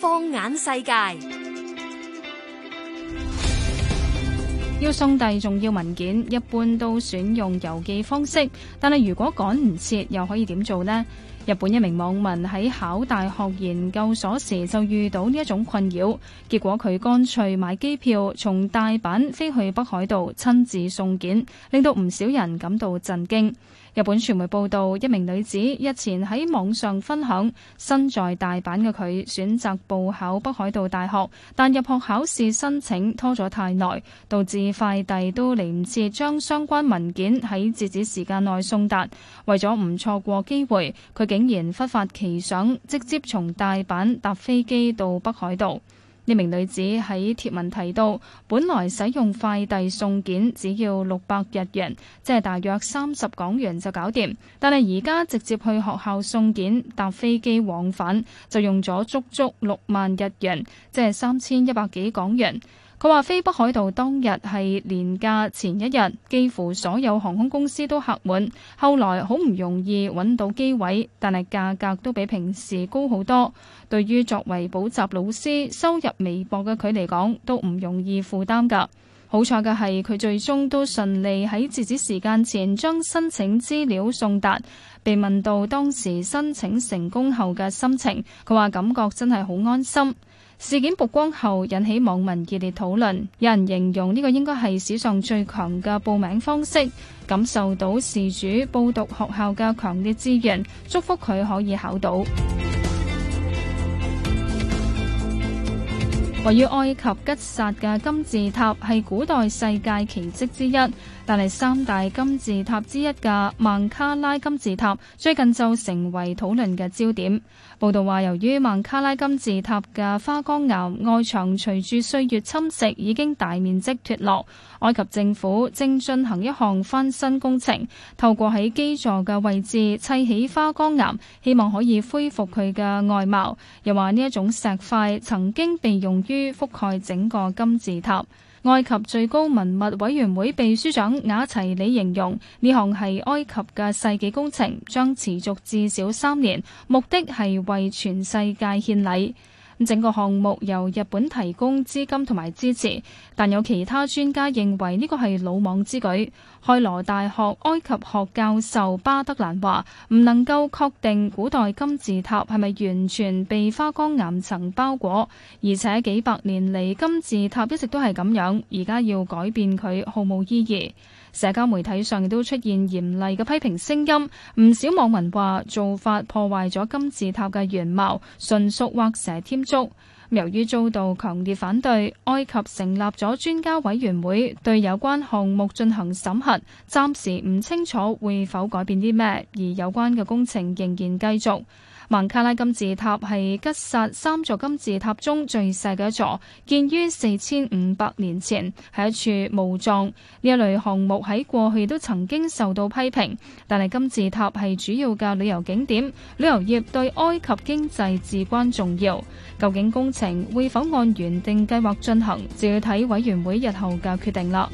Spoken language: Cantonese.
放眼世界，要送遞重要文件，一般都選用郵寄方式。但係如果趕唔切，又可以點做呢？日本一名網民喺考大學研究所時就遇到呢一種困擾，結果佢乾脆買機票，從大阪飛去北海道，親自送件，令到唔少人感到震驚。日本傳媒報導，一名女子日前喺網上分享，身在大阪嘅佢選擇報考北海道大學，但入學考試申請拖咗太耐，導致快遞都嚟唔切將相關文件喺截止時間內送達。為咗唔錯過機會，佢竟然忽發奇想，直接從大阪搭飛機到北海道。呢名女子喺帖文提到，本來使用快遞送件只要六百日元，即係大約三十港元就搞掂。但係而家直接去學校送件，搭飛機往返，就用咗足足六萬日元，即係三千一百幾港元。佢話：飛北海道當日係年假前一日，幾乎所有航空公司都客滿。後來好唔容易揾到機位，但係價格都比平時高好多。對於作為補習老師，收入微薄嘅佢嚟講，都唔容易負擔㗎。好彩嘅係，佢最終都順利喺截止時間前將申請資料送達。被問到當時申請成功後嘅心情，佢話感覺真係好安心。事件曝光後引起網民熱烈討論，有人形容呢個應該係史上最強嘅報名方式，感受到事主報讀學校嘅強烈資源，祝福佢可以考到。位於埃及吉薩嘅金字塔係古代世界奇蹟之一，但係三大金字塔之一嘅孟卡拉金字塔最近就成為討論嘅焦點。報道話，由於孟卡拉金字塔嘅花崗岩外牆隨住歲月侵蝕已經大面積脫落，埃及政府正進行一項翻新工程，透過喺基座嘅位置砌起花崗岩，希望可以恢復佢嘅外貌。又話呢一種石塊曾經被用於於覆蓋整個金字塔，埃及最高文物委員會秘書長雅齊里形容呢項係埃及嘅世紀工程，將持續至少三年，目的係為全世界獻禮。整個項目由日本提供資金同埋支持，但有其他專家認為呢個係魯莽之舉。開羅大學埃及學教授巴德蘭話：唔能夠確定古代金字塔係咪完全被花崗岩層包裹，而且幾百年嚟，金字塔一直都係咁樣，而家要改變佢毫無意義。社交媒體上亦都出現嚴厲嘅批評聲音，唔少網民話做法破壞咗金字塔嘅原貌，純屬畫蛇添。由於遭到強烈反對，埃及成立咗專家委員會，對有關項目進行審核，暫時唔清楚會否改變啲咩，而有關嘅工程仍然繼續。孟卡拉金字塔係吉薩三座金字塔中最細嘅一座，建於四千五百年前，係一處墓葬。呢一類項目喺過去都曾經受到批評，但係金字塔係主要嘅旅遊景點，旅遊業對埃及經濟至關重要。究竟工程會否按原定計劃進行，就要睇委員會日後嘅決定啦。